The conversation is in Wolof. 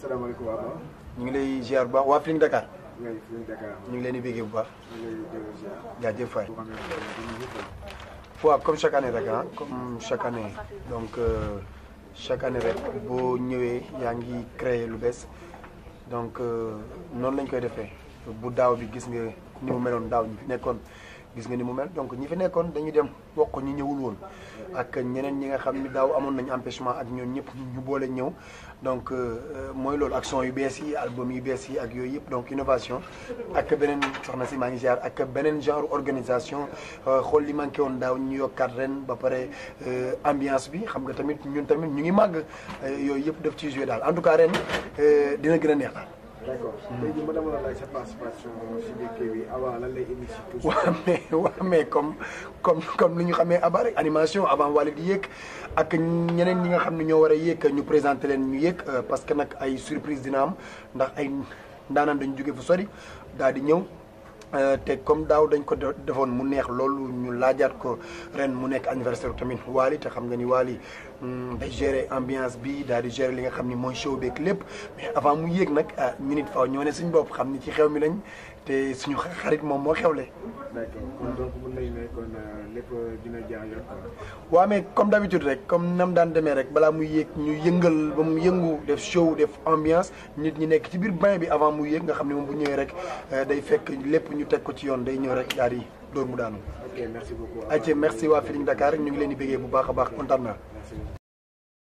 salaamaaleykum waaw ñu ngi lay ziar bu baax waa Feeling Dakar. ñu ngi leen di béggee bu baax. jaajëf Faye. waaw comme chaque année rek ah comme chaque année donc euh, chaque année rek boo ñëwee yaa ngi créer lu bees donc euh, noonu lañ koy defee bu daaw bi gis ngi ni mu meloon daaw ñu fi nekkoon. gis nga ni mu mel donc ñi fi nekkoon dañu dem bokk ñi ñëwul woon ak ñeneen ñi nga xam ni daaw amoon nañu empêchement ak ñoom ñëpp ñu boole ñëw donc euh, mooy loolu action yu bees yi album yi bees yi ak yooyu yëpp donc innovation ak beneen soxna si maa ngi jaar ak beneen genre organisation euh, xool li manqué woon daaw ñu yokkaat ren ba pare euh, ambiance bi xam nga tamit ñun tamit ñu ngi màgg yooyu yëpp def ci joué daal en tout cas ren dina gën a neex daal d'accord hmm. léegi ma demoon laaj sa participation si DTV avant lan lay indi si tout. waaw mais waaw mais comme comme comme ñu xamee Aba rek animation avant wala di ak ñeneen ñi nga xam ne ñoo war a yéeg ñu présenté leen ñu yéeg euh, parce que nag ay surprise dina am ndax ay ndaanaan dañu jóge fu sori daal di ñëw. Euh, te comme daaw dañ ko defoon mu neex loolu ñu laajaat ko ren mu nekk anniversaire tamit Wally te xam nga ni Wally hmm, day gérer ambiance bi daal di gérer li nga xam ni mooy show beek lépp mais avant mu yéeg nag ah minute faaw ñoo ne suñu bopp xam ni ci xew mi lañ te suñu xarit moom moo xewle. d'accord donc mën nañu ne kon euh, dina jaar yoon quoi. waaw mais comme d'habitude rek comme nam daan demee rek balaa muy yéeg ñu yëngal ba mu yëngu def show def ambiance nit ñi nekk ci biir bain bi avant mu yéeg nga xam ne moom bu ñëwee rek euh, day fekk lépp ñu teg ko ci yoon day ñëw rek daal yi dóor mu daanu. ok merci waa Feeling Dakar ñu ngi leen di bëggee bu baax a baax kontaan naa.